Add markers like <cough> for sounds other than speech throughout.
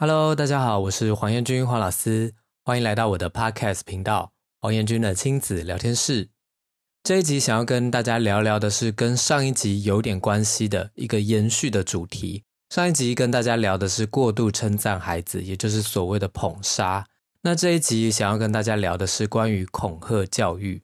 哈嘍，Hello, 大家好，我是黃彥均黃老師，歡迎來到我的 Podcast 頻道，黃彥均的親子聊天室。這一集想要跟大家聊聊的是跟上一集有點關係的一個延續的主題。上一集跟大家聊的是過度稱讚孩子，也就是所謂的捧殺。那這一集想要跟大家聊的是關於恐嚇教育。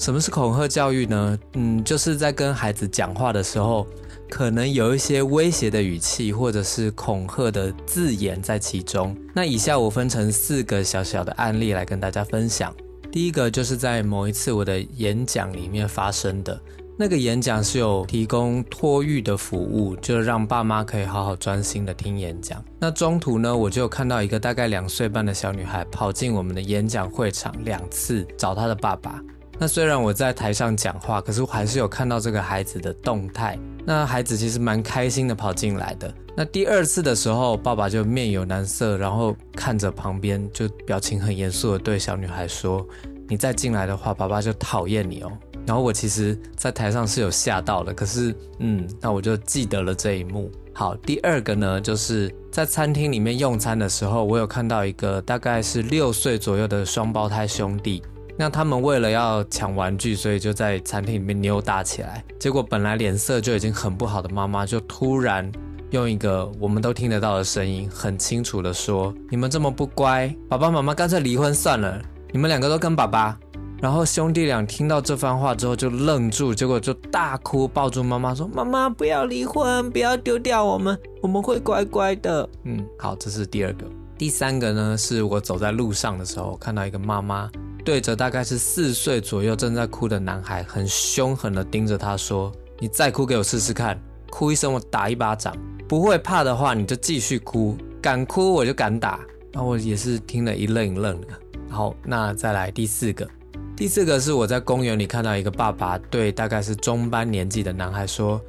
什麼是恐嚇教育呢？嗯，就是在跟孩子講話的時候，可能有一些威脅的語氣或者是恐嚇的字眼在其中。那以下我分成四個小小的案例來跟大家分享。第一個就是在某一次我的演講裡面發生的，那個演講是有提供托育的服務，就讓爸媽可以好好專心的聽演講。那中途呢，我就看到一個大概兩歲半的小女孩跑進我們的演講會場兩次找她的爸爸。那雖然我在台上講話，可是我還是有看到這個孩子的動態。那孩子其實蠻開心的跑進來的。那第二次的時候，爸爸就面有難色，然後看着旁邊就表情很嚴肅的對小女孩說：“你再進來的話，爸爸就討厭你哦。”然後我其實，在台上是有嚇到的，可是，嗯，那我就記得了這一幕。好，第二個呢，就是在餐廳裡面用餐的時候，我有看到一個大概是六歲左右的雙胞胎兄弟。那他們為了要搶玩具，所以就在餐廳裡面扭打起來。結果本來臉色就已經很不好的媽媽，就突然用一個我們都聽得到的聲音，很清楚地說：“你們這麼不乖，爸爸媽媽乾脆離婚算了，你們兩個都跟爸爸。”然後兄弟倆聽到這番話之後就愣住，結果就大哭，抱住媽媽說：“媽媽，不要離婚，不要丟掉我們，我們會乖乖的。”嗯，好，這是第二個。第三個呢，是我走在路上的時候，看到一個媽媽。對着大概是四歲左右正在哭的男孩，很凶狠地盯着他說：“你再哭給我試試看，哭一聲我打一巴掌。不會怕的話，你就繼續哭，敢哭我就敢打。”啊，那我也是聽了一愣一愣的。好，那再來第四個，第四個是我在公園裡看到一個爸爸對大概是中班年紀的男孩說：“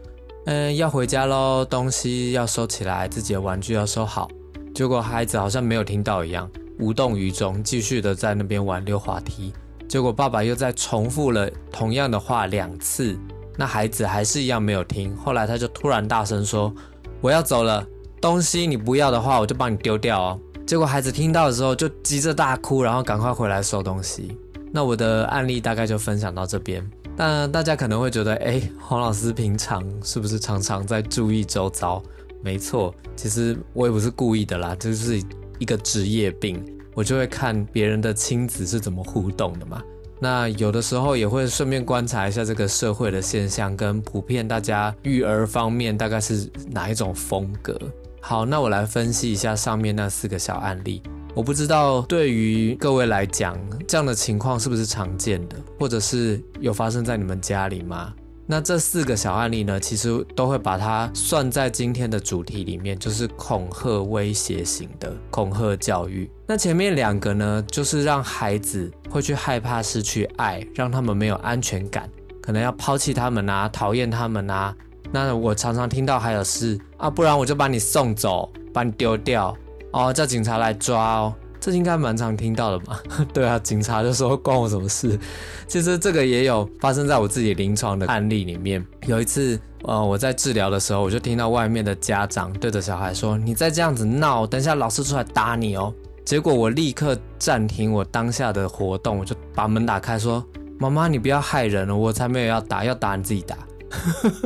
嗯，要回家嘍，東西要收起來，自己的玩具要收好。”結果孩子好像沒有聽到一樣。無動於衷，繼續的在那邊玩溜滑梯。結果爸爸又在重複了同樣的話兩次，那孩子還是一樣沒有聽。後來他就突然大聲說：“我要走了，東西你不要的話，我就幫你丟掉哦。”結果孩子聽到的時候就急着大哭，然後趕快回來收東西。那我的案例大概就分享到這邊。那大家可能會覺得，誒，黃老師平常是不是常常在注意周遭？沒錯，其實我也不是故意的啦，就是。一個職業病，我就會看別人的親子是怎麼互動的嘛。那有的時候也會順便觀察一下這個社會的現象，跟普遍大家育兒方面大概是哪一種風格。好，那我來分析一下上面那四個小案例。我不知道對於各位來講，這樣的情況是不是常見的，或者是有發生在你們家裡嗎？那這四個小案例呢，其實都會把它算在今天的主題裡面，就是恐嚇威脅型的恐嚇教育。那前面兩個呢，就是讓孩子會去害怕失去愛，讓他們沒有安全感，可能要拋棄他們啊，討厭他們啊。那我常常聽到還有是啊，不然我就把你送走，把你丟掉，哦，叫警察來抓哦。這應該蠻常聽到的吧？對啊，警察就說關我什麼事？其實這個也有發生在我自己臨床的案例裡面。有一次，呃，我在治療的時候，我就聽到外面的家長對着小孩說：“你再這樣子鬧，等一下老師出來打你哦。”結果我立刻暫停我當下的活動，我就把門打開說：“媽媽，你不要害人了，我才沒有要打，要打你自己打。” <laughs>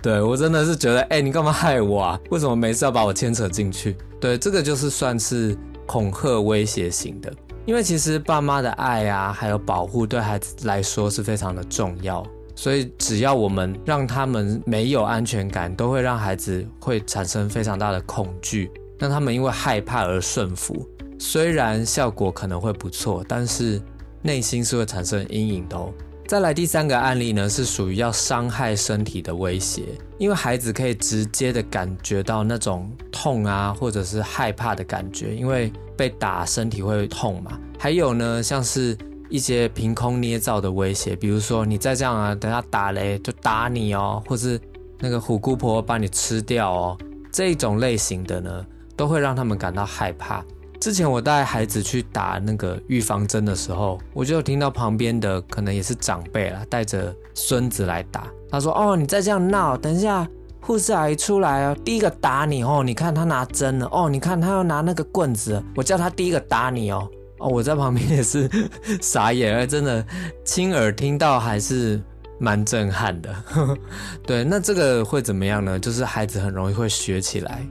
對，對我真的是覺得，哎，你幹嘛害我啊？為什麼每次要把我牽扯進去？對，這個就是算是。恐嚇威脅型的，因為其實爸媽的愛啊，還有保護對孩子來說是非常的重要，所以只要我們讓他們沒有安全感，都會讓孩子會產生非常大的恐懼，讓他們因為害怕而順服。雖然效果可能會不錯，但是內心是會產生陰影的哦。再來第三個案例呢，是屬於要傷害身體的威脅，因為孩子可以直接的感覺到那種痛啊，或者是害怕的感覺，因為被打身體會痛嘛。還有呢，像是一些憑空捏造的威脅，比如說你再這樣啊，等下打雷就打你哦，或是那個虎姑婆把你吃掉哦，這一種類型的呢，都會讓他們感到害怕。之前我帶孩子去打那個預防針的時候，我就有聽到旁邊的可能也是長輩啦，帶着孫子來打。他說：“哦，你再這樣鬧，等一下護士阿姨出來哦，第一個打你哦。你看他拿針了哦，你看他要拿那個棍子了，我叫他第一個打你哦。哦，我在旁邊也是呵呵傻眼，而，真的親耳聽到還是蠻震撼的。 <laughs> 對，那這個會怎麼樣呢？就是孩子很容易會學起來。”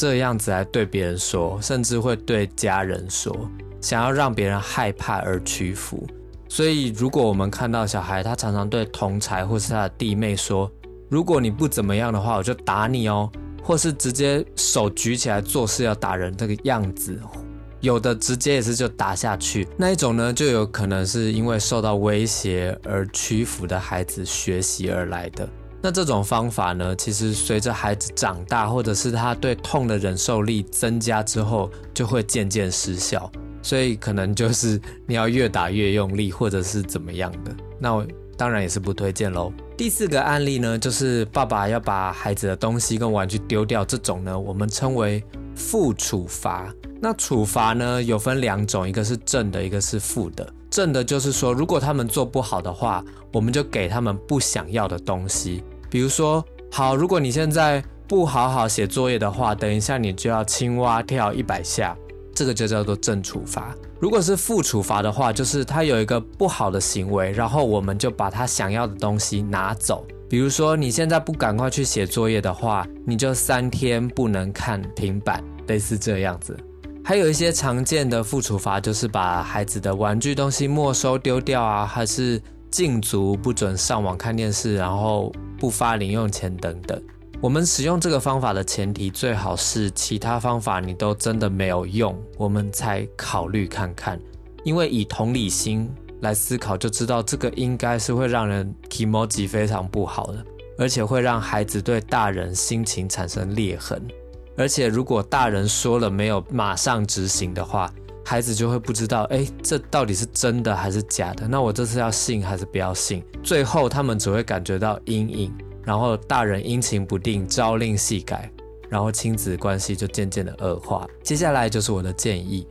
這樣子來對別人說，甚至會對家人說，想要讓別人害怕而屈服。所以，如果我們看到小孩，他常常對同儕或是他的弟妹說：“如果你不怎麼樣的話，我就打你哦。”或是直接手舉起來做事要打人這、那個樣子，有的直接也是就打下去。那一種呢，就有可能是因為受到威脅而屈服的孩子學習而來的。那這種方法呢，其實隨着孩子長大，或者是他對痛的忍受力增加之後，就會漸漸失效。所以可能就是你要越打越用力，或者是怎麼樣的。那我當然也是不推薦嘍。第四個案例呢，就是爸爸要把孩子的東西跟玩具丟掉，這種呢我們稱為負處罰。那處罰呢有分兩種，一個是正的，一個是負的。正的就是說，如果他們做不好的話，我們就給他們不想要的東西。比如說，好，如果你現在不好好寫作業的話，等一下你就要青蛙跳一百下，這個就叫做正處罰。如果是負處罰的話，就是他有一個不好的行為，然後我們就把他想要的東西拿走。比如說，你現在不趕快去寫作業的話，你就三天不能看平板，類似這樣子。還有一些常見的負處罰，就是把孩子的玩具東西沒收丟掉啊，還是禁足不准上網看電視，然後不發零用錢等等。我們使用這個方法的前提，最好是其他方法你都真的沒有用，我們才考慮看看。因為以同理心來思考，就知道這個應該是會讓人 kimochi 非常不好的，而且會讓孩子對大人心情產生裂痕。而且，如果大人說了沒有馬上執行的話，孩子就會不知道，哎，這到底是真的還是假的？那我這次要信還是不要信？最後，他們只會感覺到陰影，然後大人陰晴不定，朝令夕改，然後親子關係就漸漸的惡化。接下來就是我的建議，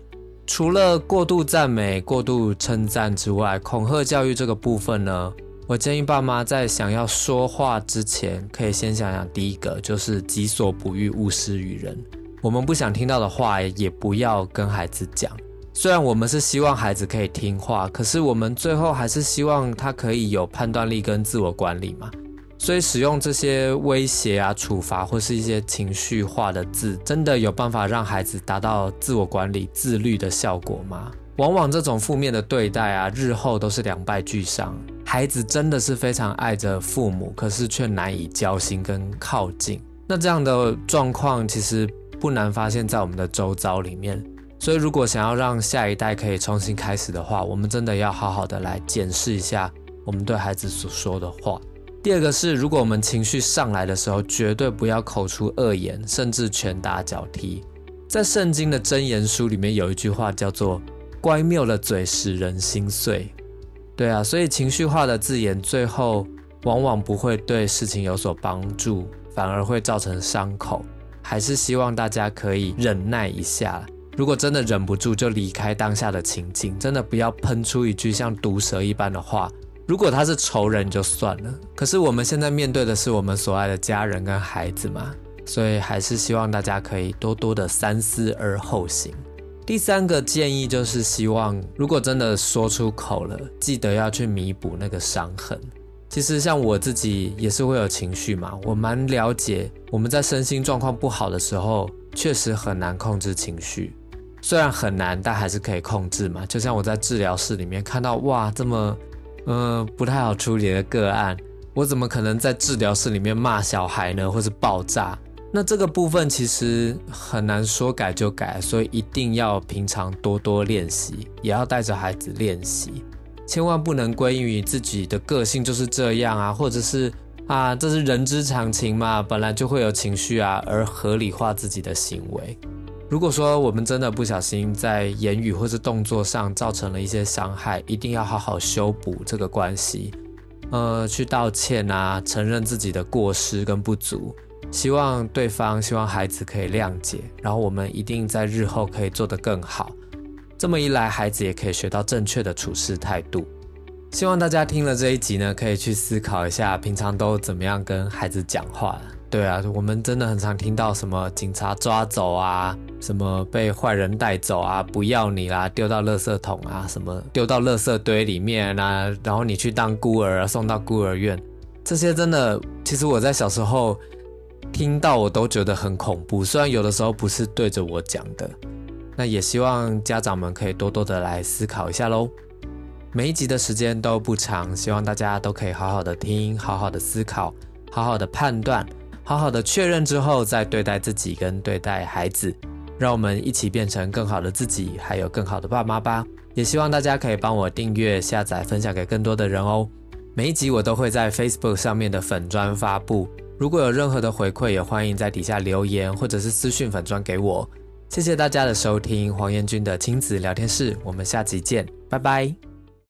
除了過度讚美、過度稱讚之外，恐嚇教育這個部分呢？我建議爸媽在想要說話之前，可以先想想第一個，就是“己所不欲，勿施於人”。我們不想聽到的話，也不要跟孩子講。雖然我們是希望孩子可以聽話，可是我們最後還是希望他可以有判斷力跟自我管理嘛。所以使用這些威脅啊、處罰或是一些情緒化的字，真的有辦法讓孩子達到自我管理、自律的效果嗎？往往這種負面的對待啊，日後都是兩敗俱傷。孩子真的是非常愛着父母，可是卻難以交心跟靠近。那這樣的狀況其實不難發現，在我們的周遭裡面。所以，如果想要讓下一代可以重新開始的話，我們真的要好好的來檢視一下我們對孩子所說的話。第二個是，如果我們情緒上來的時候，絕對不要口出惡言，甚至拳打腳踢。在聖經的箴言書裡面有一句話叫做：“乖謬的嘴使人心碎。”對啊，所以情緒化的字眼最後往往不會對事情有所幫助，反而會造成傷口。還是希望大家可以忍耐一下。如果真的忍不住，就離開當下的情境，真的不要噴出一句像毒蛇一般的話。如果他是仇人就算了，可是我們現在面對的是我們所愛的家人跟孩子嘛，所以還是希望大家可以多多的三思而後行。第三個建議就是，希望如果真的說出口了，記得要去彌補那個傷痕。其實像我自己也是會有情緒嘛，我蠻了解，我們在身心狀況不好的時候，確實很難控制情緒。雖然很難，但還是可以控制嘛。就像我在治療室裡面看到，哇，這麼，嗯，呃，不太好處理的個案，我怎麼可能在治療室裡面罵小孩呢，或是爆炸。那這個部分其實很難說改就改，所以一定要平常多多練習，也要帶着孩子練習，千萬不能歸因於自己的個性就是這樣啊，或者是啊，這是人之常情嘛，本來就會有情緒啊，而合理化自己的行為。如果說我們真的不小心在言語或是動作上造成了一些傷害，一定要好好修補這個關係，呃，去道歉啊，承認自己的過失跟不足。希望對方，希望孩子可以諒解，然後我們一定在日後可以做得更好。這麼一來，孩子也可以學到正確的處事態度。希望大家聽了這一集呢，可以去思考一下，平常都怎麼樣跟孩子講話。對啊，我們真的很常聽到什麼警察抓走啊，什麼被壞人帶走啊，不要你啦，啊，丟到垃圾桶啊，什麼丟到垃圾堆裡面啊，然後你去當孤兒啊，送到孤兒院。這些真的，其實我在小時候。聽到我都覺得很恐怖，雖然有的時候不是對着我講的，那也希望家長們可以多多的來思考一下嘍。每一集的時間都不長，希望大家都可以好好的聽，好好的思考，好好的判斷，好好的確認之後再對待自己跟對待孩子。讓我們一起變成更好的自己，還有更好的爸媽吧。也希望大家可以幫我訂閱、下載、分享給更多的人哦。每一集我都會在 Facebook 上面的粉專發布。如果有任何的回饋，也歡迎在底下留言，或者是私訊粉專給我。謝謝大家的收聽，黃彥鈞的親子聊天室，我們下集見，拜拜。